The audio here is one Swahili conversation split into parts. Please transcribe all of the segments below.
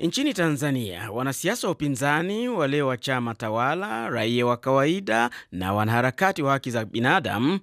Nchini Tanzania, wanasiasa wa upinzani, wale wa chama tawala, raia wa kawaida na wanaharakati wa haki za binadamu,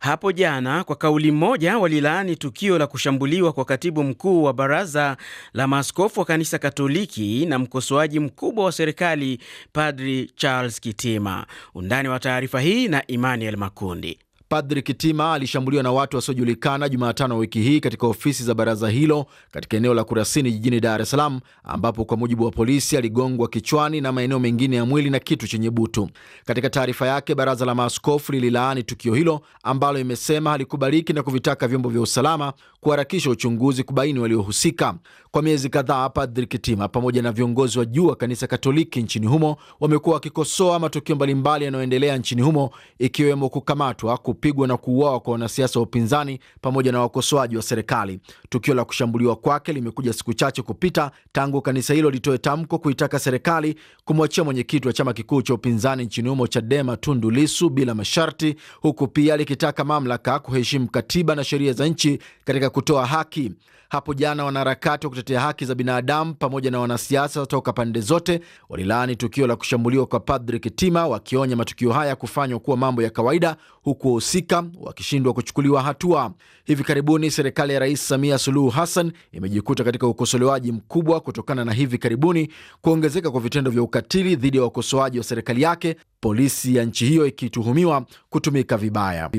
hapo jana kwa kauli moja walilaani tukio la kushambuliwa kwa katibu mkuu wa Baraza la Maaskofu wa Kanisa Katoliki na mkosoaji mkubwa wa serikali, Padri Charles Kitima. Undani wa taarifa hii na Emmanuel Makundi. Padri Kitima alishambuliwa na watu wasiojulikana Jumatano wiki hii katika ofisi za baraza hilo katika eneo la Kurasini jijini Dar es Salaam, ambapo kwa mujibu wa polisi aligongwa kichwani na maeneo mengine ya mwili na kitu chenye butu. Katika taarifa yake, baraza la maaskofu lililaani tukio hilo ambalo imesema halikubaliki na kuvitaka vyombo vya usalama kuharakisha uchunguzi kubaini waliohusika. Kwa miezi kadhaa, Padri Kitima pamoja na viongozi wa juu wa kanisa Katoliki nchini humo wamekuwa wakikosoa matukio mbalimbali yanayoendelea nchini humo ikiwemo kukamatwa kupigwa na kuuawa kwa wanasiasa wa upinzani pamoja na wakosoaji wa serikali. Tukio la kushambuliwa kwake limekuja siku chache kupita tangu kanisa hilo litoe tamko kuitaka serikali kumwachia mwenyekiti wa chama kikuu cha upinzani nchini humo Chadema Tundu Lisu bila masharti, huku pia likitaka mamlaka kuheshimu katiba na sheria za nchi katika kutoa haki. Hapo jana wanaharakati wa kutetea haki za binadamu pamoja na wanasiasa toka pande zote walilaani tukio la kushambuliwa kwa Padri Kitima, wakionya matukio haya kufanywa kuwa mambo ya kawaida huku wahusika wakishindwa kuchukuliwa hatua. Hivi karibuni serikali ya Rais Samia Suluhu Hassan imejikuta katika ukosolewaji mkubwa kutokana na hivi karibuni kuongezeka kwa vitendo vya ukatili dhidi ya wakosoaji wa serikali yake, polisi ya nchi hiyo ikituhumiwa kutumika vibaya.